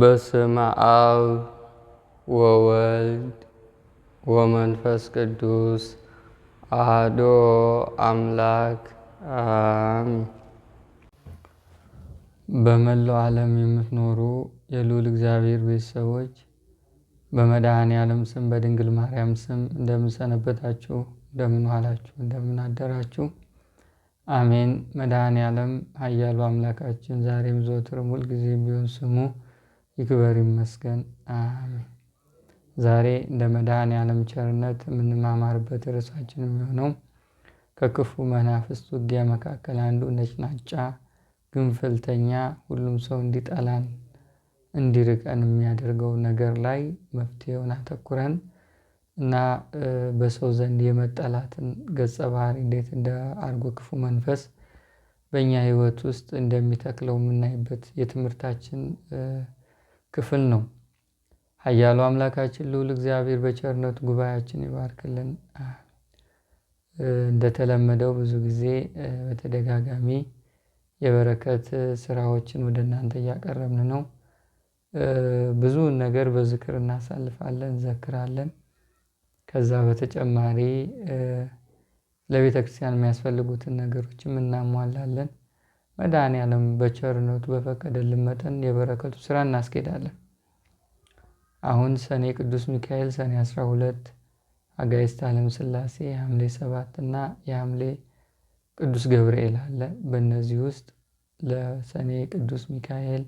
በስመ አብ ወወልድ ወመንፈስ ቅዱስ አሐዱ አምላክ አሜን። በመላው ዓለም የምትኖሩ የልዑል እግዚአብሔር ቤተሰቦች በመድኃኔ ዓለም ስም በድንግል ማርያም ስም እንደምን ሰነበታችሁ? እንደምን ዋላችሁ? እንደምን አደራችሁ? አሜን። መድኃኔ ዓለም ኃያሉ አምላካችን ዛሬም ዘወትርም ሁልጊዜም ቢሆን ስሙ ይክበር ይመስገን አሜን። ዛሬ እንደ መድኃኔ ዓለም ቸርነት የምንማማርበት ርዕሳችን የሚሆነው ከክፉ መናፍስት ውጊያ መካከል አንዱ ነጭናጫ ግንፍልተኛ፣ ሁሉም ሰው እንዲጠላን እንዲርቀን የሚያደርገው ነገር ላይ መፍትሄውን አተኩረን እና በሰው ዘንድ የመጠላትን ገጸ ባህሪ እንዴት እንደ አርጎ ክፉ መንፈስ በእኛ ሕይወት ውስጥ እንደሚተክለው የምናይበት የትምህርታችን ክፍል ነው። ኃያሉ አምላካችን ልዑል እግዚአብሔር በቸርነቱ ጉባኤያችን ይባርክልን። እንደተለመደው ብዙ ጊዜ በተደጋጋሚ የበረከት ስራዎችን ወደ እናንተ እያቀረብን ነው። ብዙ ነገር በዝክር እናሳልፋለን፣ እንዘክራለን። ከዛ በተጨማሪ ለቤተ ክርስቲያን የሚያስፈልጉትን ነገሮችም እናሟላለን። መድኃኒዓለም በቸርነቱ በፈቀደልን መጠን የበረከቱ ስራ እናስኬዳለን። አሁን ሰኔ ቅዱስ ሚካኤል ሰኔ 12 አጋይስት ዓለም ሥላሴ የሐምሌ ሰባት እና የሐምሌ ቅዱስ ገብርኤል አለ። በእነዚህ ውስጥ ለሰኔ ቅዱስ ሚካኤል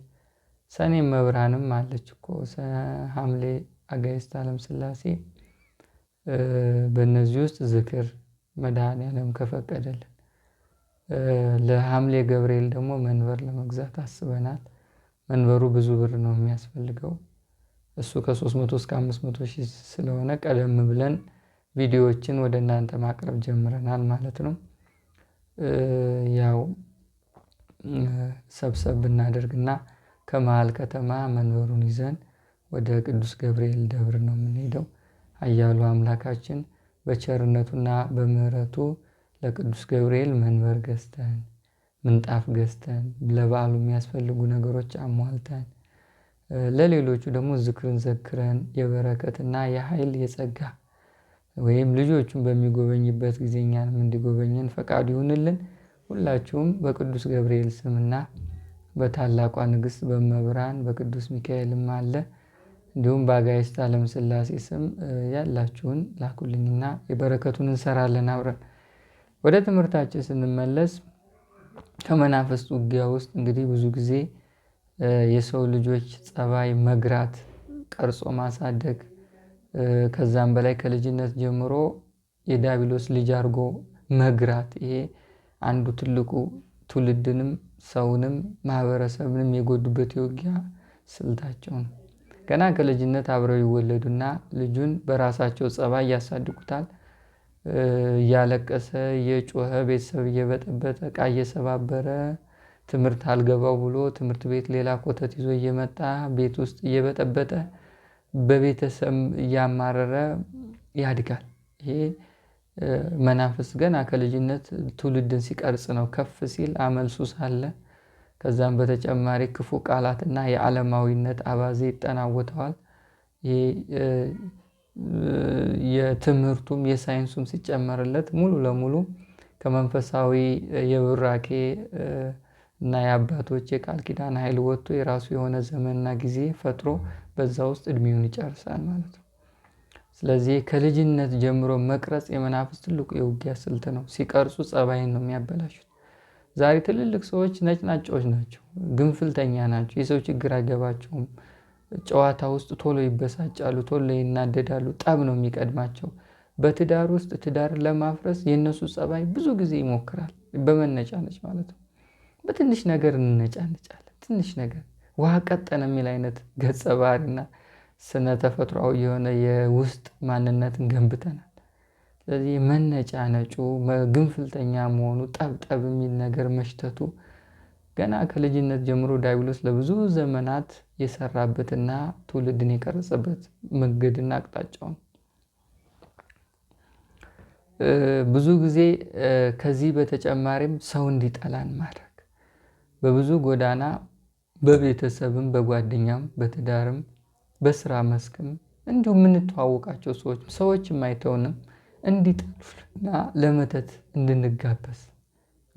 ሰኔ መብርሃንም አለች እኮ ሐምሌ አጋይስት ዓለም ሥላሴ በእነዚህ ውስጥ ዝክር መድኃኔ ዓለም ከፈቀደልን ለሐምሌ ገብርኤል ደግሞ መንበር ለመግዛት አስበናል። መንበሩ ብዙ ብር ነው የሚያስፈልገው። እሱ ከሶስት መቶ እስከ 500 ሺህ ስለሆነ ቀደም ብለን ቪዲዮዎችን ወደ እናንተ ማቅረብ ጀምረናል ማለት ነው። ያው ሰብሰብ ብናደርግና ከመሃል ከተማ መንበሩን ይዘን ወደ ቅዱስ ገብርኤል ደብር ነው የምንሄደው። አያሉ አምላካችን በቸርነቱና በምህረቱ ለቅዱስ ገብርኤል መንበር ገዝተን ምንጣፍ ገዝተን ለበዓሉ የሚያስፈልጉ ነገሮች አሟልተን ለሌሎቹ ደግሞ ዝክርን ዘክረን የበረከትና የኃይል የጸጋ ወይም ልጆቹን በሚጎበኝበት ጊዜ እኛንም እንዲጎበኘን ፈቃዱ ይሁንልን። ሁላችሁም በቅዱስ ገብርኤል ስምና በታላቋ ንግሥት በመብራን በቅዱስ ሚካኤልም አለ እንዲሁም በአጋዕዝተ ዓለም ሥላሴ ስም ያላችሁን ላኩልኝና የበረከቱን እንሰራለን አብረን ወደ ትምህርታችን ስንመለስ ከመናፍስት ውጊያ ውስጥ እንግዲህ ብዙ ጊዜ የሰው ልጆች ጸባይ መግራት፣ ቀርጾ ማሳደግ ከዛም በላይ ከልጅነት ጀምሮ የዳቢሎስ ልጅ አድርጎ መግራት ይሄ አንዱ ትልቁ ትውልድንም ሰውንም ማህበረሰብንም የጎዱበት የውጊያ ስልታቸው ነው። ገና ከልጅነት አብረው ይወለዱና ልጁን በራሳቸው ጸባይ ያሳድጉታል። እያለቀሰ እየጮኸ ቤተሰብ እየበጠበጠ እቃ እየሰባበረ ትምህርት አልገባው ብሎ ትምህርት ቤት ሌላ ኮተት ይዞ እየመጣ ቤት ውስጥ እየበጠበጠ በቤተሰብ እያማረረ ያድጋል። ይሄ መናፍስ ገና ከልጅነት ትውልድን ሲቀርጽ ነው። ከፍ ሲል አመል አለ። ከዛም በተጨማሪ ክፉ ቃላትና የዓለማዊነት አባዜ ይጠናወተዋል። ይሄ የትምህርቱም የሳይንሱም ሲጨመርለት ሙሉ ለሙሉ ከመንፈሳዊ የብራኬ እና የአባቶች የቃል ኪዳን ኃይል ወጥቶ የራሱ የሆነ ዘመንና ጊዜ ፈጥሮ በዛ ውስጥ እድሜውን ይጨርሳል ማለት ነው። ስለዚህ ከልጅነት ጀምሮ መቅረጽ የመናፍስ ትልቁ የውጊያ ስልት ነው። ሲቀርጹ ጸባይን ነው የሚያበላሹት። ዛሬ ትልልቅ ሰዎች ነጭናጫዎች ናቸው፣ ግንፍልተኛ ናቸው፣ የሰው ችግር አይገባቸውም። ጨዋታ ውስጥ ቶሎ ይበሳጫሉ፣ ቶሎ ይናደዳሉ። ጠብ ነው የሚቀድማቸው። በትዳር ውስጥ ትዳር ለማፍረስ የእነሱ ጸባይ ብዙ ጊዜ ይሞክራል። በመነጫነጭ ማለት ነው። በትንሽ ነገር እንነጫነጫለን። ትንሽ ነገር ውሃ ቀጠነ የሚል አይነት ገጸ ባህሪና ስነ ተፈጥሯዊ የሆነ የውስጥ ማንነትን ገንብተናል። ስለዚህ መነጫነጩ፣ ግንፍልተኛ መሆኑ፣ ጠብጠብ የሚል ነገር መሽተቱ ገና ከልጅነት ጀምሮ ዲያብሎስ ለብዙ ዘመናት የሰራበትና ትውልድን የቀረጸበት መንገድና አቅጣጫውን ብዙ ጊዜ ከዚህ በተጨማሪም ሰው እንዲጠላን ማድረግ በብዙ ጎዳና በቤተሰብም በጓደኛም በትዳርም በስራ መስክም እንዲሁም የምንተዋወቃቸው ሰዎች ሰዎች የማይተውንም እንዲጠሉና ለመተት እንድንጋበስ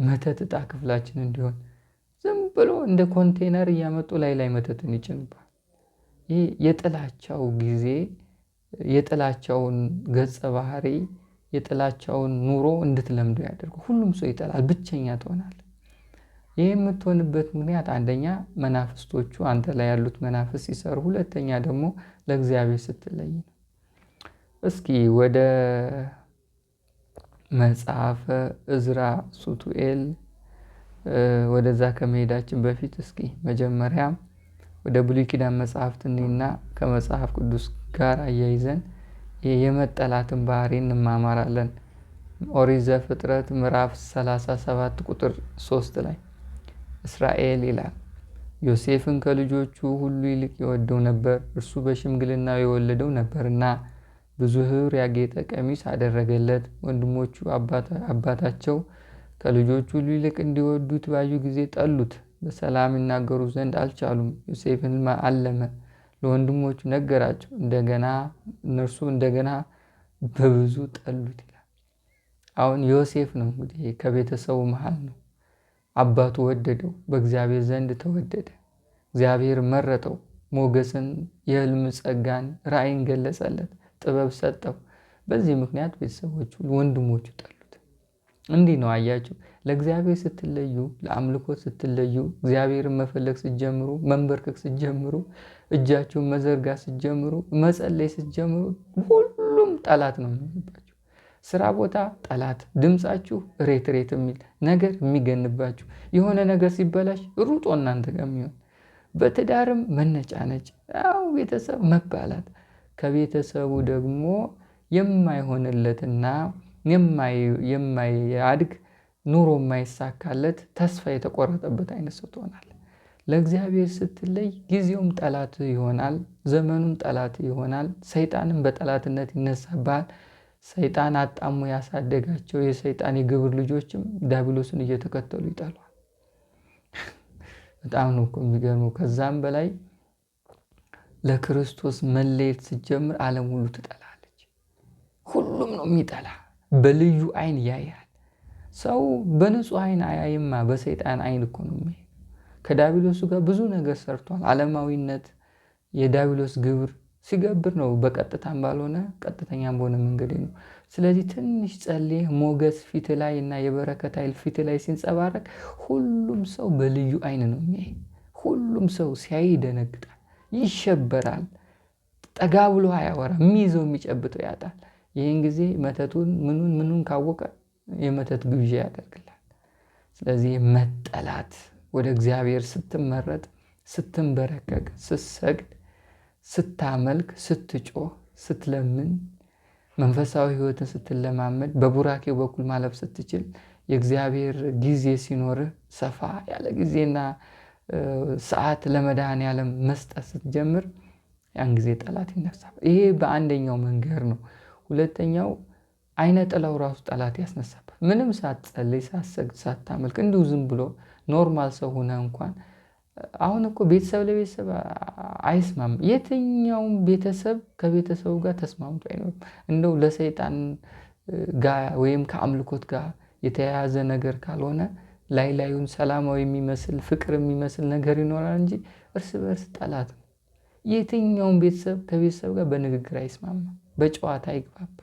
መተት እጣ ክፍላችን እንዲሆን ብሎ እንደ ኮንቴነር እያመጡ ላይ ላይ መተትን ይጭንባል። ይህ የጥላቻው ጊዜ የጥላቻውን ገጸ ባህሪ የጥላቻውን ኑሮ እንድትለምዱ ያደርጉ። ሁሉም ሰው ይጠላል፣ ብቸኛ ትሆናል። ይህ የምትሆንበት ምክንያት አንደኛ መናፍስቶቹ አንተ ላይ ያሉት መናፍስ ሲሰሩ፣ ሁለተኛ ደግሞ ለእግዚአብሔር ስትለይ ነው። እስኪ ወደ መጽሐፈ እዝራ ሱቱኤል ወደዛ ከመሄዳችን በፊት እስኪ መጀመሪያ ወደ ብሉይ ኪዳን መጽሐፍት ከመጽሐፍ ቅዱስ ጋር አያይዘን የመጠላትን ባህሪ እንማማራለን። ኦሪት ዘፍጥረት ምዕራፍ 37 ቁጥር 3 ላይ እስራኤል ይላል ዮሴፍን ከልጆቹ ሁሉ ይልቅ የወደው ነበር፣ እርሱ በሽምግልናው የወለደው ነበርና ብዙ ኅብር ያጌጠ ቀሚስ አደረገለት። ወንድሞቹ አባታቸው ከልጆቹ ሁሉ ይልቅ እንዲወዱት ባዩ ጊዜ ጠሉት። በሰላም ይናገሩ ዘንድ አልቻሉም። ዮሴፍን አለመ፣ ለወንድሞቹ ነገራቸው። እንደገና እነርሱ እንደገና በብዙ ጠሉት ይላል። አሁን ዮሴፍ ነው እንግዲህ ከቤተሰቡ መሃል ነው። አባቱ ወደደው፣ በእግዚአብሔር ዘንድ ተወደደ። እግዚአብሔር መረጠው፣ ሞገስን፣ የህልም ጸጋን፣ ራእይን ገለጸለት፣ ጥበብ ሰጠው። በዚህ ምክንያት ቤተሰቦቹ፣ ወንድሞቹ ጠሉ። እንዲህ ነው አያችሁ። ለእግዚአብሔር ስትለዩ፣ ለአምልኮት ስትለዩ፣ እግዚአብሔርን መፈለግ ስትጀምሩ፣ መንበርከክ ስትጀምሩ፣ እጃችሁን መዘርጋ ስትጀምሩ፣ መጸለይ ስትጀምሩ ሁሉም ጠላት ነው የሚሆንባችሁ። ስራ ቦታ ጠላት፣ ድምፃችሁ ሬት ሬት የሚል ነገር የሚገንባችሁ፣ የሆነ ነገር ሲበላሽ ሩጦ እናንተ ጋር የሚሆን በትዳርም መነጫነጭ፣ ያው ቤተሰብ መባላት፣ ከቤተሰቡ ደግሞ የማይሆንለትና የማያድግ ኑሮ የማይሳካለት ተስፋ የተቆረጠበት አይነት ሰው ትሆናል። ለእግዚአብሔር ስትለይ ጊዜውም ጠላት ይሆናል፣ ዘመኑም ጠላት ይሆናል፣ ሰይጣንም በጠላትነት ይነሳባል ሰይጣን አጣሞ ያሳደጋቸው የሰይጣን የግብር ልጆችም ዳቢሎስን እየተከተሉ ይጠሏል። በጣም ነው እኮ የሚገርመው። ከዛም በላይ ለክርስቶስ መለየት ስትጀምር ዓለም ሁሉ ትጠላለች። ሁሉም ነው የሚጠላ በልዩ አይን ያያል። ሰው በንጹህ አይን አያይማ፣ በሰይጣን አይን እኮ ነው የሚያይ። ከዳቢሎሱ ጋር ብዙ ነገር ሰርቷል። ዓለማዊነት የዳቢሎስ ግብር ሲገብር ነው፣ በቀጥታም ባልሆነ ቀጥተኛም በሆነ መንገድ ነው። ስለዚህ ትንሽ ጸልየህ ሞገስ ፊት ላይ እና የበረከት ኃይል ፊት ላይ ሲንጸባረቅ ሁሉም ሰው በልዩ አይን ነው የሚያይ። ሁሉም ሰው ሲያይ ይደነግጣል፣ ይሸበራል። ጠጋ ብሎ አያወራ፣ የሚይዘው የሚጨብጠው ያጣል። ይህን ጊዜ መተቱን ምኑን ምኑን ካወቀ የመተት ግብዣ ያደርግላል። ስለዚህ መጠላት ወደ እግዚአብሔር ስትመረጥ፣ ስትንበረከቅ፣ ስትሰግድ፣ ስታመልክ፣ ስትጮህ፣ ስትለምን፣ መንፈሳዊ ህይወትን ስትለማመድ፣ በቡራኬው በኩል ማለፍ ስትችል፣ የእግዚአብሔር ጊዜ ሲኖርህ ሰፋ ያለ ጊዜና ሰዓት ለመድኃኔዓለም መስጠት ስትጀምር ያን ጊዜ ጠላት ይነሳል። ይሄ በአንደኛው መንገድ ነው። ሁለተኛው አይነ ጥላው ራሱ ጠላት ያስነሳበት። ምንም ሳትጸልይ ሳትሰግድ ሳታመልክ እንዲሁ ዝም ብሎ ኖርማል ሰው ሆነ እንኳን አሁን እኮ ቤተሰብ ለቤተሰብ አይስማም። የትኛውም ቤተሰብ ከቤተሰቡ ጋር ተስማምቶ አይኖርም። እንደው ለሰይጣን ጋር ወይም ከአምልኮት ጋር የተያያዘ ነገር ካልሆነ ላይ ላዩን ሰላማዊ የሚመስል ፍቅር የሚመስል ነገር ይኖራል እንጂ እርስ በእርስ ጠላት ነው። የትኛውም ቤተሰብ ከቤተሰብ ጋር በንግግር አይስማማም። በጨዋታ ይግባባ።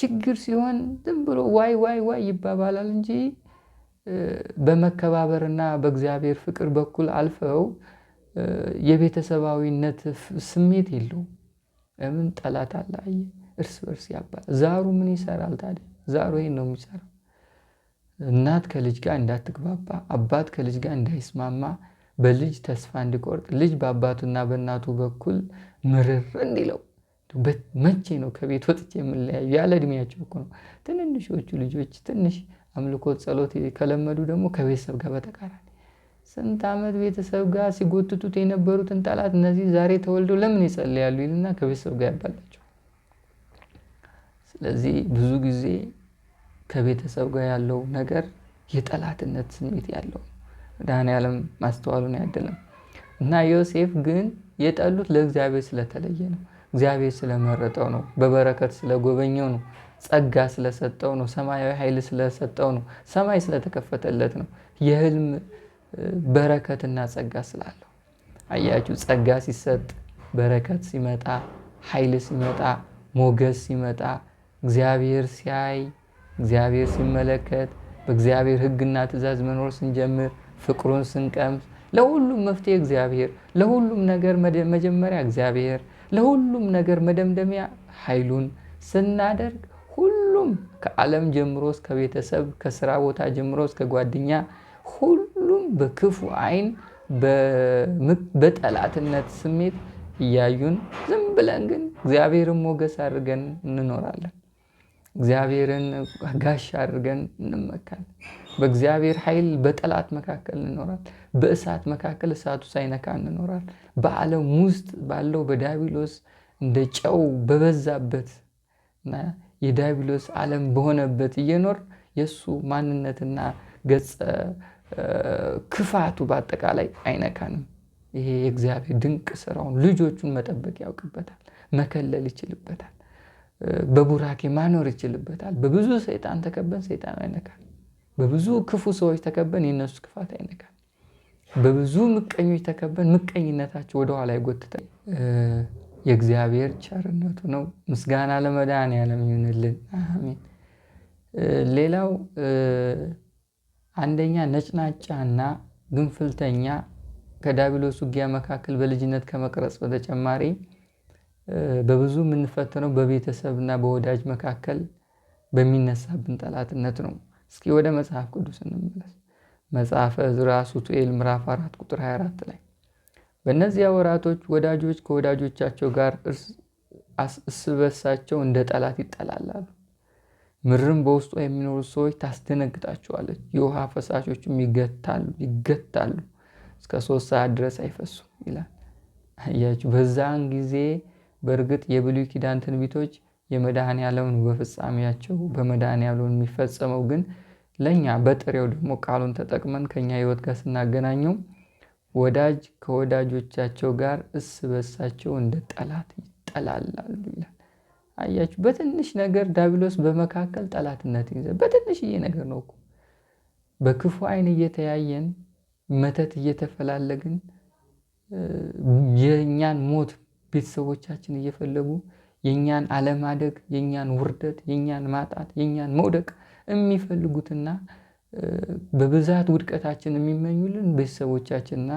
ችግር ሲሆን ዝም ብሎ ዋይ ዋይ ዋይ ይባባላል እንጂ በመከባበርና በእግዚአብሔር ፍቅር በኩል አልፈው የቤተሰባዊነት ስሜት የለው። ለምን ጠላት አለ? አየህ፣ እርስ በርስ ያባል። ዛሩ ምን ይሰራል ታዲያ? ዛሩ ይሄን ነው የሚሰራው። እናት ከልጅ ጋር እንዳትግባባ፣ አባት ከልጅ ጋር እንዳይስማማ፣ በልጅ ተስፋ እንዲቆርጥ፣ ልጅ በአባቱና በእናቱ በኩል ምርር እንዲለው መቼ ነው ከቤት ወጥቼ የምለያዩ? ያለ እድሜያቸው እኮ ነው። ትንንሾቹ ልጆች ትንሽ አምልኮት ጸሎት ከለመዱ ደግሞ ከቤተሰብ ጋር በተቃራኒ ስንት ዓመት ቤተሰብ ጋር ሲጎትቱት የነበሩትን ጠላት እነዚህ ዛሬ ተወልደው ለምን ይጸልያሉ ይልና ከቤተሰብ ጋር ያባላቸው። ስለዚህ ብዙ ጊዜ ከቤተሰብ ጋር ያለው ነገር የጠላትነት ስሜት ያለው መድኃኔዓለም ማስተዋሉን ያደለም እና ዮሴፍ ግን የጠሉት ለእግዚአብሔር ስለተለየ ነው። እግዚአብሔር ስለመረጠው ነው። በበረከት ስለጎበኘው ነው። ጸጋ ስለሰጠው ነው። ሰማያዊ ኃይል ስለሰጠው ነው። ሰማይ ስለተከፈተለት ነው። የህልም በረከትና ጸጋ ስላለው አያችሁ። ጸጋ ሲሰጥ፣ በረከት ሲመጣ፣ ኃይል ሲመጣ፣ ሞገስ ሲመጣ፣ እግዚአብሔር ሲያይ፣ እግዚአብሔር ሲመለከት፣ በእግዚአብሔር ሕግና ትእዛዝ መኖር ስንጀምር፣ ፍቅሩን ስንቀምስ፣ ለሁሉም መፍትሄ እግዚአብሔር፣ ለሁሉም ነገር መጀመሪያ እግዚአብሔር ለሁሉም ነገር መደምደሚያ ኃይሉን ስናደርግ ሁሉም ከዓለም ጀምሮ እስከ ቤተሰብ፣ ከስራ ቦታ ጀምሮ እስከ ጓደኛ ሁሉም በክፉ ዓይን በጠላትነት ስሜት እያዩን ዝም ብለን ግን እግዚአብሔርን ሞገስ አድርገን እንኖራለን። እግዚአብሔርን ጋሻ አድርገን እንመካለን። በእግዚአብሔር ኃይል በጠላት መካከል እንኖራል። በእሳት መካከል እሳቱ ሳይነካ እንኖራል። በዓለም ውስጥ ባለው በዳቢሎስ እንደ ጨው በበዛበት እና የዳቢሎስ ዓለም በሆነበት እየኖር የእሱ ማንነትና ገጸ ክፋቱ በአጠቃላይ አይነካንም። ይሄ የእግዚአብሔር ድንቅ ስራውን ልጆቹን መጠበቅ ያውቅበታል። መከለል ይችልበታል። በቡራኬ ማኖር ይችልበታል። በብዙ ሰይጣን ተከበን ሰይጣን አይነካል። በብዙ ክፉ ሰዎች ተከበን የእነሱ ክፋት አይነካል። በብዙ ምቀኞች ተከበን ምቀኝነታቸው ወደኋላ ይጎትተ የእግዚአብሔር ቸርነቱ ነው። ምስጋና ለመድኃኔዓለም ይሁንልን፣ አሜን። ሌላው አንደኛ ነጭናጫና ግንፍልተኛ ከዳቢሎስ ውጊያ መካከል በልጅነት ከመቅረጽ በተጨማሪ በብዙ የምንፈተነው በቤተሰብና በወዳጅ መካከል በሚነሳብን ጠላትነት ነው። እስኪ ወደ መጽሐፍ ቅዱስ እንመለስ። መጽሐፈ ዕዝራ ሱቱኤል ምዕራፍ 4 ቁጥር 24 ላይ በእነዚያ ወራቶች ወዳጆች ከወዳጆቻቸው ጋር እርስ በርሳቸው እንደ ጠላት ይጠላላሉ። ምድርም በውስጧ የሚኖሩ ሰዎች ታስደነግጣቸዋለች። የውሃ ፈሳሾችም ይገታሉ ይገታሉ እስከ ሶስት ሰዓት ድረስ አይፈሱም ይላል። አያችሁ፣ በዛን ጊዜ በእርግጥ የብሉይ ኪዳን ትንቢቶች የመድኃኔ ዓለምን በፍጻሜያቸው በመድኃኔ ዓለምን የሚፈጸመው ግን ለእኛ በጥሬው ደግሞ ቃሉን ተጠቅመን ከኛ ህይወት ጋር ስናገናኘው ወዳጅ ከወዳጆቻቸው ጋር እስ በሳቸው እንደ ጠላት ይጠላላሉ ይላል። አያችሁ፣ በትንሽ ነገር ዳቢሎስ በመካከል ጠላትነት ይዘ በትንሽዬ ነገር ነው እኮ በክፉ አይን እየተያየን መተት እየተፈላለግን የእኛን ሞት ቤተሰቦቻችን እየፈለጉ የእኛን አለማደግ የእኛን ውርደት የእኛን ማጣት የእኛን መውደቅ የሚፈልጉትና በብዛት ውድቀታችን የሚመኙልን ቤተሰቦቻችንና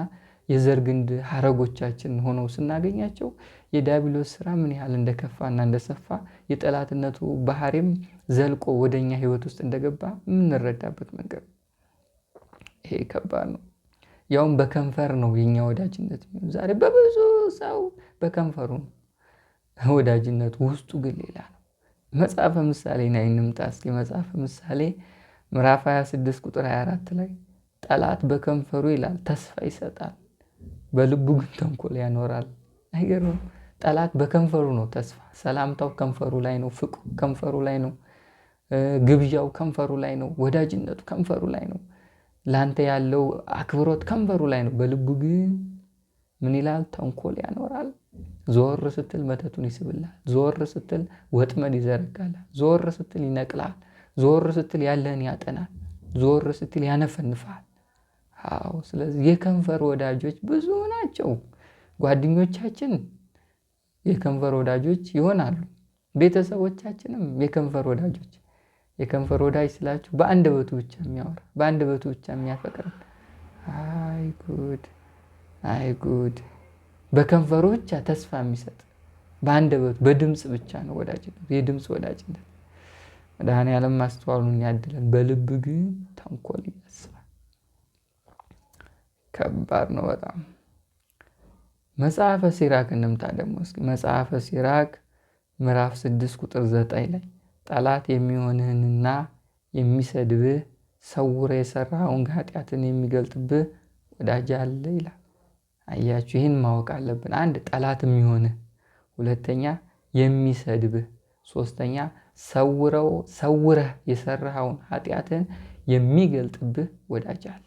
የዘር ግንድ ሀረጎቻችን ሆነው ስናገኛቸው የዲያብሎስ ስራ ምን ያህል እንደከፋና እንደሰፋ የጠላትነቱ ባህሪም ዘልቆ ወደ እኛ ህይወት ውስጥ እንደገባ የምንረዳበት መንገድ ይሄ ከባድ ነው። ያውም በከንፈር ነው የኛ ወዳጅነት ዛሬ በብዙ ሰው በከንፈሩ ነው። ወዳጅነት ውስጡ ግን ሌላ ነው። መጽሐፈ ምሳሌ ና እንምጣ እስኪ መጽሐፈ ምሳሌ ምዕራፍ 26 ቁጥር 24 ላይ ጠላት በከንፈሩ ይላል ተስፋ ይሰጣል፣ በልቡ ግን ተንኮል ያኖራል። አይገርም? ጠላት በከንፈሩ ነው ተስፋ። ሰላምታው ከንፈሩ ላይ ነው። ፍቅሩ ከንፈሩ ላይ ነው። ግብዣው ከንፈሩ ላይ ነው። ወዳጅነቱ ከንፈሩ ላይ ነው። ለአንተ ያለው አክብሮት ከንፈሩ ላይ ነው። በልቡ ግን ምን ይላል? ተንኮል ያኖራል። ዞር ስትል መተቱን ይስብልሃል። ዞር ስትል ወጥመድ ይዘረጋልሃል። ዞር ስትል ይነቅልሃል። ዞር ስትል ያለህን ያጠናል። ዞር ስትል ያነፈንፋል አዎ፣ ስለዚህ የከንፈር ወዳጆች ብዙ ናቸው። ጓደኞቻችን የከንፈር ወዳጆች ይሆናሉ። ቤተሰቦቻችንም የከንፈር ወዳጆች። የከንፈር ወዳጅ ስላችሁ በአንድ በቱ ብቻ የሚያወራ በቱ ብቻ የሚያፈቅር አይ ጉድ! አይ ጉድ! በከንፈሩ ብቻ ተስፋ የሚሰጥ በአንደበቱ በድምፅ ብቻ ነው ወዳጅነት፣ የድምፅ ወዳጅነት። መድኃኔዓለም ማስተዋሉን ያድለን። በልብ ግን ተንኮል ያስባል። ከባድ ነው በጣም። መጽሐፈ ሲራክ እንምታ ደግሞ እስኪ መጽሐፈ ሲራክ ምዕራፍ ስድስት ቁጥር ዘጠኝ ላይ ጠላት የሚሆንህንና የሚሰድብህ ሰውረ የሰራውን ኃጢአትን የሚገልጥብህ ወዳጅ አለ ይላል። አያችሁ ይህን ማወቅ አለብን። አንድ ጠላት የሚሆንህ፣ ሁለተኛ የሚሰድብህ፣ ሶስተኛ ሰውረው ሰውረህ የሰራኸውን ኃጢአትን የሚገልጥብህ ወዳጅ አለ።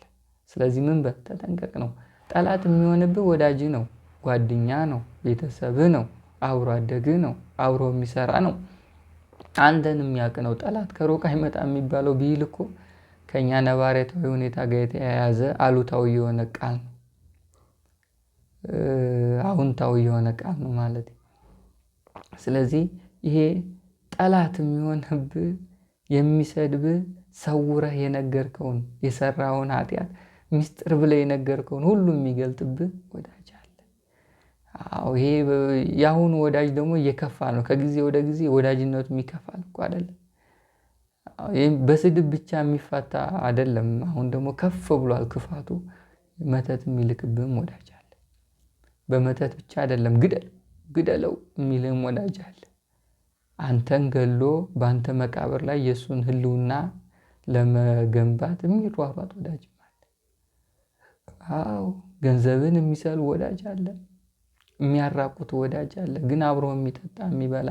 ስለዚህ ምን በል ተጠንቀቅ ነው። ጠላት የሚሆንብህ ወዳጅ ነው፣ ጓደኛ ነው፣ ቤተሰብህ ነው፣ አብሮ አደግህ ነው፣ አብሮ የሚሰራ ነው፣ አንተን የሚያውቅ ነው። ጠላት ከሩቅ አይመጣ የሚባለው ቢል እኮ ከእኛ ነባሬታዊ ሁኔታ ጋር የተያያዘ አሉታዊ የሆነ ቃል ነው። አውንታዊ የሆነ ቃል ነው ማለት። ስለዚህ ይሄ ጠላት የሚሆንብህ የሚሰድብ ሰውረህ የነገርከውን የሰራውን ኃጢአት ሚስጥር ብለህ የነገርከውን ሁሉ የሚገልጥብህ ወዳጅ አለ። አዎ ይሄ የአሁኑ ወዳጅ ደግሞ እየከፋ ነው። ከጊዜ ወደ ጊዜ ወዳጅነቱ የሚከፋል እኮ አይደለም። በስድብ ብቻ የሚፋታ አይደለም። አሁን ደግሞ ከፍ ብሏል ክፋቱ። መተት የሚልክብህም ወዳጅ በመተት ብቻ አይደለም ግደል ግደለው የሚልም ወዳጅ አለ። አንተን ገሎ በአንተ መቃብር ላይ የእሱን ህልውና ለመገንባት የሚሯሯጥ ወዳጅ አለ። አዎ ገንዘብን የሚሰል ወዳጅ አለ። የሚያራቁት ወዳጅ አለ። ግን አብሮ የሚጠጣ የሚበላ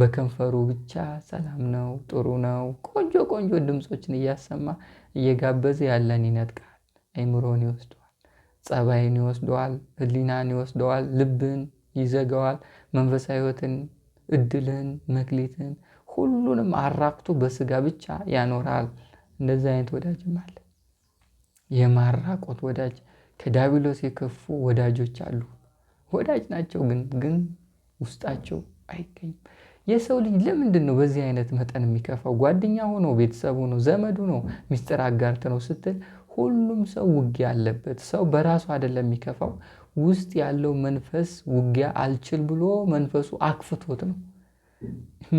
በከንፈሩ ብቻ ሰላም ነው፣ ጥሩ ነው፣ ቆንጆ ቆንጆ ድምፆችን እያሰማ እየጋበዘ ያለን ይነጥቃል፣ አይምሮን ይወስዱ ጸባይን ይወስደዋል፣ ህሊናን ይወስደዋል፣ ልብን ይዘጋዋል፣ መንፈሳዊ ህይወትን፣ እድልን፣ መክሊትን ሁሉንም አራቅቶ በስጋ ብቻ ያኖራል። እንደዚህ አይነት ወዳጅም አለ። የማራቆት ወዳጅ ከዲያብሎስ የከፉ ወዳጆች አሉ። ወዳጅ ናቸው ግን ግን ውስጣቸው አይገኝም። የሰው ልጅ ለምንድን ነው በዚህ አይነት መጠን የሚከፋው? ጓደኛ ሆኖ ቤተሰብ ሆኖ ዘመድ ሆኖ ሚስጥር አጋርተ ነው ስትል ሁሉም ሰው ውጊያ አለበት። ሰው በራሱ አይደለም የሚከፋው። ውስጥ ያለው መንፈስ ውጊያ አልችል ብሎ መንፈሱ አክፍቶት ነው።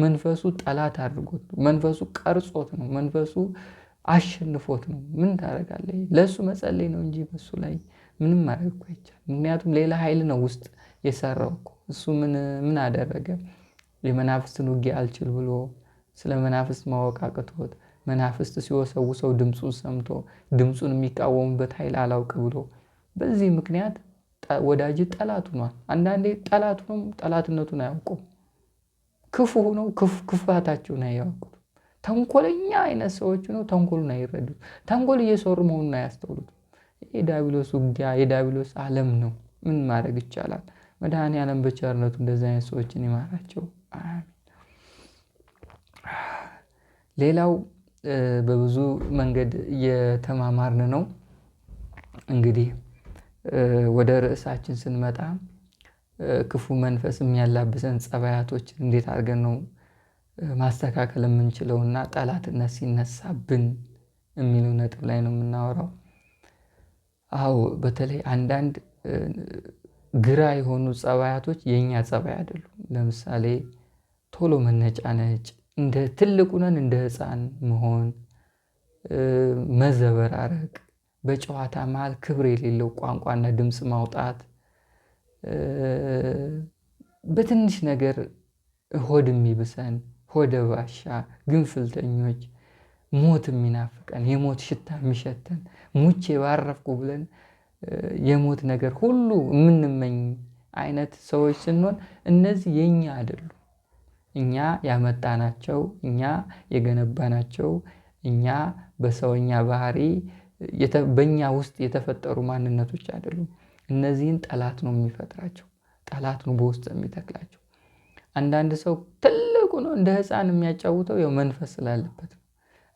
መንፈሱ ጠላት አድርጎት ነው። መንፈሱ ቀርጾት ነው። መንፈሱ አሸንፎት ነው። ምን ታደርጋለህ? ለእሱ መጸለይ ነው እንጂ በሱ ላይ ምንም ማድረግ እኮ አይቻልም። ምክንያቱም ሌላ ኃይል ነው ውስጥ የሰራው እኮ። እሱ ምን አደረገ? የመናፍስትን ውጊያ አልችል ብሎ ስለ መናፍስት ማወቅ አቅቶት መናፍስት ሲወሰውሰው ድምፁን ሰምቶ ድምፁን የሚቃወሙበት ኃይል አላውቅ ብሎ በዚህ ምክንያት ወዳጅ ጠላት ሆኗል። አንዳንዴ ጠላት ሆኖም ጠላትነቱን አያውቁም። ክፉ ሆነው ክፋታቸውን አያውቁት። ተንኮለኛ አይነት ሰዎች ነው ተንኮሉን አይረዱት። ተንኮል እየሰሩ መሆኑን አያስተውሉት። የዳቢሎስ ውጊያ የዳቢሎስ ዓለም ነው። ምን ማድረግ ይቻላል? መድኃኔ ዓለም በቸርነቱ እንደዚህ አይነት ሰዎችን ይማራቸው። ሌላው በብዙ መንገድ እየተማማርን ነው። እንግዲህ ወደ ርዕሳችን ስንመጣ ክፉ መንፈስ የሚያላብሰን ፀባያቶች እንዴት አድርገን ነው ማስተካከል የምንችለው እና ጠላትነት ሲነሳብን የሚለው ነጥብ ላይ ነው የምናወራው። አዎ በተለይ አንዳንድ ግራ የሆኑ ፀባያቶች የኛ ፀባይ አይደሉም። ለምሳሌ ቶሎ መነጫነጭ እንደ ትልቁ ነን እንደ ህፃን መሆን መዘበራረቅ፣ በጨዋታ መሃል ክብር የሌለው ቋንቋና ድምፅ ማውጣት፣ በትንሽ ነገር ሆድ የሚብሰን ሆደ ባሻ ግንፍልተኞች፣ ሞት የሚናፍቀን የሞት ሽታ የሚሸተን ሙቼ ባረፍኩ ብለን የሞት ነገር ሁሉ የምንመኝ አይነት ሰዎች ስንሆን እነዚህ የኛ አይደሉም። እኛ ያመጣናቸው እኛ የገነባናቸው እኛ በሰውኛ ባህሪ በእኛ ውስጥ የተፈጠሩ ማንነቶች አይደሉም። እነዚህን ጠላት ነው የሚፈጥራቸው፣ ጠላት ነው በውስጥ የሚተክላቸው። አንዳንድ ሰው ትልቁ ነው እንደ ሕፃን የሚያጫውተው ያው መንፈስ ስላለበት ነው።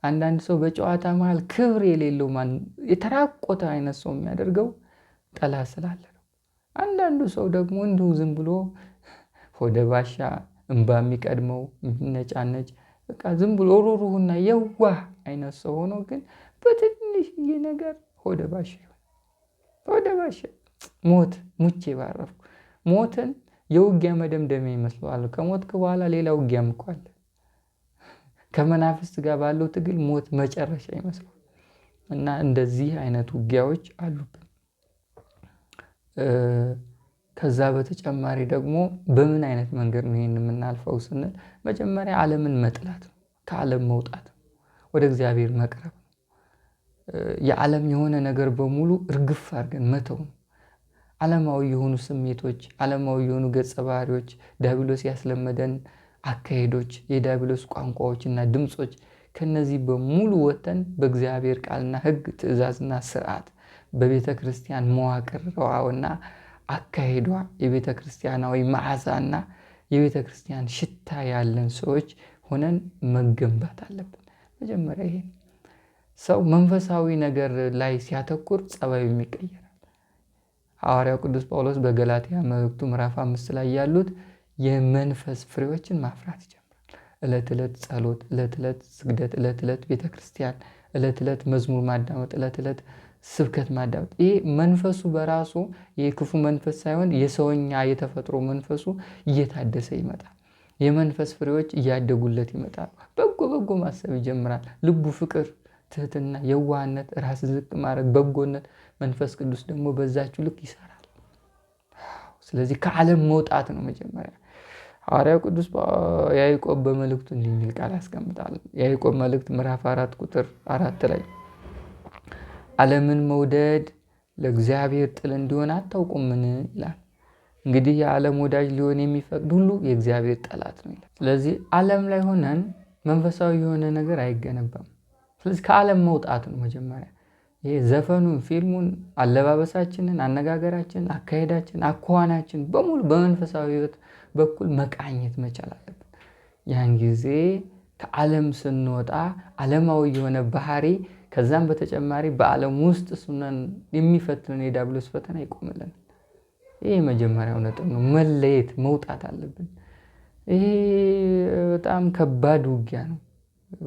አንዳንድ ሰው በጨዋታ መሃል ክብር የሌለው የተራቆተ አይነት ሰው የሚያደርገው ጠላት ስላለ ነው። አንዳንዱ ሰው ደግሞ እንዲሁ ዝም ብሎ ሆደ ባሻ እንባ የሚቀድመው የሚነጫነጭ በቃ ዝም ብሎ ሩሩህና የዋህ አይነት ሰው ሆኖ ግን በትንሽዬ ነገር ሆደ ባሻ ሆደ ባሻ ሞት ሙቼ ባረፍኩ። ሞትን የውጊያ መደምደሚያ ይመስለዋል። ከሞትክ በኋላ ሌላ ውጊያ ምኳል ከመናፍስት ጋር ባለው ትግል ሞት መጨረሻ ይመስላል እና እንደዚህ አይነት ውጊያዎች አሉብን። ከዛ በተጨማሪ ደግሞ በምን አይነት መንገድ ነው ይህን የምናልፈው ስንል መጀመሪያ ዓለምን መጥላት ነው። ከዓለም መውጣት ነው። ወደ እግዚአብሔር መቅረብ ነው። የዓለም የሆነ ነገር በሙሉ እርግፍ አድርገን መተው ነው። ዓለማዊ የሆኑ ስሜቶች፣ ዓለማዊ የሆኑ ገጸ ባህሪዎች፣ ዲያብሎስ ያስለመደን አካሄዶች፣ የዲያብሎስ ቋንቋዎችና ድምፆች ከነዚህ በሙሉ ወጥተን በእግዚአብሔር ቃልና ሕግ ትእዛዝና ስርዓት በቤተ ክርስቲያን መዋቅር ረዋውና አካሄዷ የቤተ ክርስቲያናዊ መዓዛና የቤተ ክርስቲያን ሽታ ያለን ሰዎች ሆነን መገንባት አለብን። መጀመሪያ ይሄ ሰው መንፈሳዊ ነገር ላይ ሲያተኩር ጸባዩ ይቀየራል። ሐዋርያው ቅዱስ ጳውሎስ በገላትያ መልእክቱ ምዕራፍ አምስት ላይ ያሉት የመንፈስ ፍሬዎችን ማፍራት ይጀምራል። ዕለት ዕለት ጸሎት፣ ዕለት ዕለት ስግደት፣ ዕለት ዕለት ቤተ ክርስቲያን፣ ዕለት ዕለት መዝሙር ማዳመጥ፣ ዕለት ዕለት ስብከት ማዳመጥ። ይሄ መንፈሱ በራሱ የክፉ መንፈስ ሳይሆን የሰውኛ የተፈጥሮ መንፈሱ እየታደሰ ይመጣል። የመንፈስ ፍሬዎች እያደጉለት ይመጣሉ። በጎ በጎ ማሰብ ይጀምራል። ልቡ ፍቅር፣ ትህትና፣ የዋህነት፣ ራስ ዝቅ ማድረግ፣ በጎነት መንፈስ ቅዱስ ደግሞ በዛችሁ ልክ ይሰራል። ስለዚህ ከዓለም መውጣት ነው መጀመሪያ። ሐዋርያው ቅዱስ ያዕቆብ በመልእክቱ እንዲህ የሚል ቃል ያስቀምጣል። ያዕቆብ መልእክት ምዕራፍ አራት ቁጥር አራት ላይ ዓለምን መውደድ ለእግዚአብሔር ጥል እንዲሆን አታውቁምን? ይላል። እንግዲህ የዓለም ወዳጅ ሊሆን የሚፈቅድ ሁሉ የእግዚአብሔር ጠላት ነው ይላል። ስለዚህ ዓለም ላይ ሆነን መንፈሳዊ የሆነ ነገር አይገነባም። ስለዚህ ከዓለም መውጣት ነው መጀመሪያ። ይሄ ዘፈኑን፣ ፊልሙን፣ አለባበሳችንን፣ አነጋገራችንን፣ አካሄዳችን፣ አኳኋናችን በሙሉ በመንፈሳዊ ህይወት በኩል መቃኘት መቻል አለብን። ያን ጊዜ ከዓለም ስንወጣ ዓለማዊ የሆነ ባህሪ ከዛም በተጨማሪ በዓለም ውስጥ ሱናን የሚፈትነን የዳብሎስ ፈተና ይቆምልን። ይህ የመጀመሪያው ነጥብ ነው። መለየት መውጣት አለብን። ይሄ በጣም ከባድ ውጊያ ነው።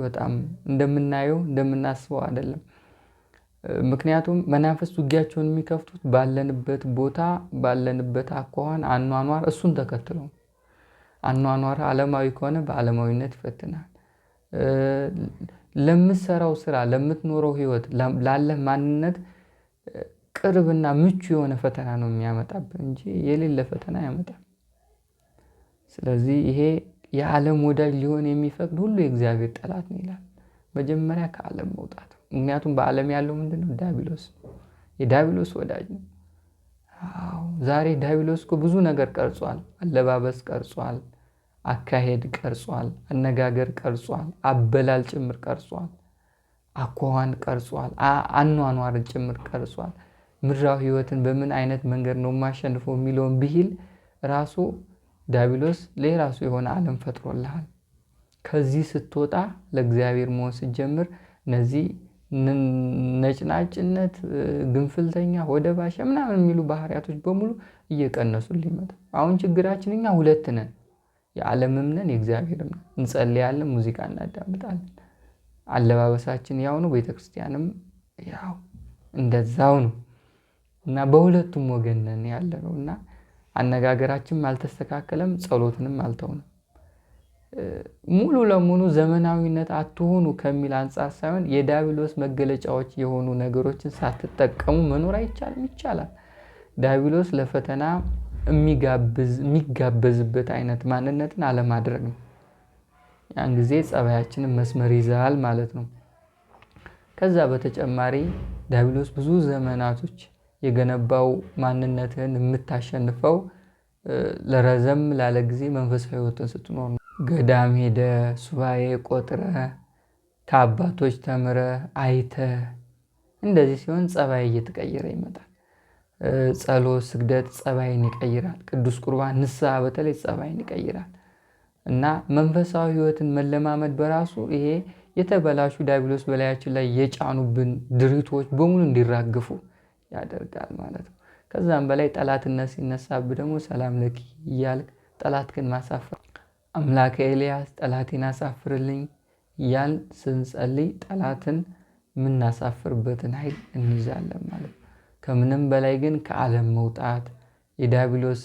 በጣም እንደምናየው እንደምናስበው አይደለም። ምክንያቱም መናፍስት ውጊያቸውን የሚከፍቱት ባለንበት ቦታ ባለንበት አኳኋን አኗኗር፣ እሱን ተከትሎ አኗኗር አለማዊ ከሆነ በአለማዊነት ይፈትናል። ለምትሰራው ስራ፣ ለምትኖረው ህይወት፣ ላለህ ማንነት ቅርብና ምቹ የሆነ ፈተና ነው የሚያመጣብን እንጂ የሌለ ፈተና ያመጣል። ስለዚህ ይሄ የዓለም ወዳጅ ሊሆን የሚፈቅድ ሁሉ የእግዚአብሔር ጠላት ነው ይላል። መጀመሪያ ከዓለም መውጣት። ምክንያቱም በዓለም ያለው ምንድነው? ዳቢሎስ ነው። የዳቢሎስ ወዳጅ ነው። ዛሬ ዳቢሎስ እኮ ብዙ ነገር ቀርጿል። አለባበስ ቀርጿል። አካሄድ ቀርጿል፣ አነጋገር ቀርጿል፣ አበላል ጭምር ቀርጿል፣ አኳኋን ቀርጿል፣ አኗኗር ጭምር ቀርጿል። ምድራዊ ህይወትን በምን አይነት መንገድ ነው የማሸንፎ የሚለውን ብሂል ራሱ ዳቢሎስ ለራሱ የሆነ ዓለም ፈጥሮልሃል። ከዚህ ስትወጣ ለእግዚአብሔር መሆን ስትጀምር እነዚህ ነጭናጭነት፣ ግንፍልተኛ፣ ወደ ምናምን የሚሉ ባህሪያቶች በሙሉ እየቀነሱ ሊመጡ አሁን ችግራችን እኛ ሁለት ነን። የዓለምም ነን የእግዚአብሔርም ነን። እንጸልያለን፣ ሙዚቃ እናዳምጣለን። አለባበሳችን ያው ነው፣ ቤተክርስቲያንም ያው እንደዛው ነው እና በሁለቱም ወገን ነን ያለ ነው እና አነጋገራችንም አልተስተካከለም፣ ጸሎትንም አልተውንም። ሙሉ ለሙሉ ዘመናዊነት አትሆኑ ከሚል አንጻር ሳይሆን የዳቢሎስ መገለጫዎች የሆኑ ነገሮችን ሳትጠቀሙ መኖር አይቻልም። ይቻላል። ዳቢሎስ ለፈተና የሚጋበዝበት አይነት ማንነትን አለማድረግ ነው። ያን ጊዜ ጸባያችንን መስመር ይዛል ማለት ነው። ከዛ በተጨማሪ ዲያብሎስ ብዙ ዘመናቶች የገነባው ማንነትህን የምታሸንፈው ለረዘም ላለ ጊዜ መንፈሳዊ ሕይወትን ስትኖር ነው። ገዳም ሄደ፣ ሱባኤ ቆጥረ፣ ከአባቶች ተምረ አይተ፣ እንደዚህ ሲሆን ጸባይ እየተቀየረ ይመጣል። ጸሎት፣ ስግደት ጸባይን ይቀይራል። ቅዱስ ቁርባን፣ ንስሐ በተለይ ጸባይን ይቀይራል እና መንፈሳዊ ህይወትን መለማመድ በራሱ ይሄ የተበላሹ ዲያብሎስ በላያችን ላይ የጫኑብን ድሪቶች በሙሉ እንዲራግፉ ያደርጋል ማለት ነው። ከዛም በላይ ጠላትነት ሲነሳብ ደግሞ ሰላም ለኪ እያልክ ግን ማሳፈር አምላከ ኤልያስ ጠላቴን አሳፍርልኝ እያል ስንጸልይ ጠላትን የምናሳፍርበትን ኃይል እንይዛለን ማለት ነው። ከምንም በላይ ግን ከዓለም መውጣት የዲያብሎስ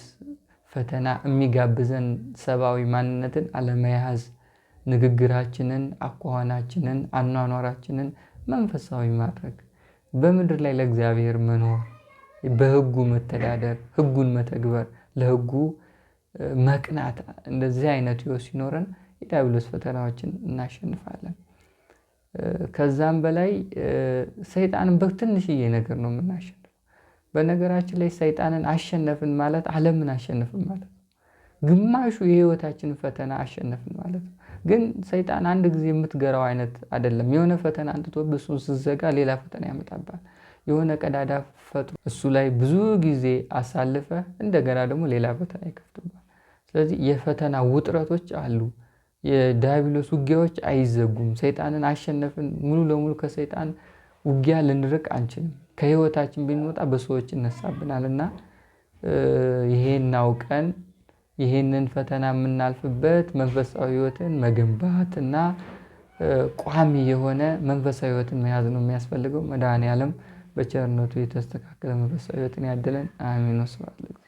ፈተና የሚጋብዘን ሰብአዊ ማንነትን አለመያዝ ንግግራችንን፣ አኳኋናችንን፣ አኗኗራችንን መንፈሳዊ ማድረግ በምድር ላይ ለእግዚአብሔር መኖር በህጉ መተዳደር ህጉን መተግበር ለህጉ መቅናት እንደዚህ አይነት ሕይወት ሲኖረን የዲያብሎስ ፈተናዎችን እናሸንፋለን። ከዛም በላይ ሰይጣንን በትንሽዬ ነገር ነው የምናሸንፍ በነገራችን ላይ ሰይጣንን አሸነፍን ማለት ዓለምን አሸነፍን ማለት ግማሹ የህይወታችንን ፈተና አሸነፍን ማለት ነው። ግን ሰይጣን አንድ ጊዜ የምትገራው አይነት አይደለም። የሆነ ፈተና አንጥቶ እሱን ስዘጋ ሌላ ፈተና ያመጣባል። የሆነ ቀዳዳ ፈጥሮ እሱ ላይ ብዙ ጊዜ አሳልፈ እንደገና ደግሞ ሌላ ፈተና ይከፍትባል። ስለዚህ የፈተና ውጥረቶች አሉ። የዳቢሎስ ውጊያዎች አይዘጉም። ሰይጣንን አሸነፍን ሙሉ ለሙሉ ከሰይጣን ውጊያ ልንርቅ አንችልም። ከህይወታችን ብንወጣ በሰዎች እነሳብናል ይነሳብናልና ይሄን አውቀን ይሄንን ፈተና የምናልፍበት መንፈሳዊ ህይወትን መገንባት እና ቋሚ የሆነ መንፈሳዊ ህይወትን መያዝ ነው የሚያስፈልገው። መድኃኔዓለም በቸርነቱ የተስተካከለ መንፈሳዊ ህይወትን ያደለን። አሜን። ወስብሐት ለእግዚአብሔር።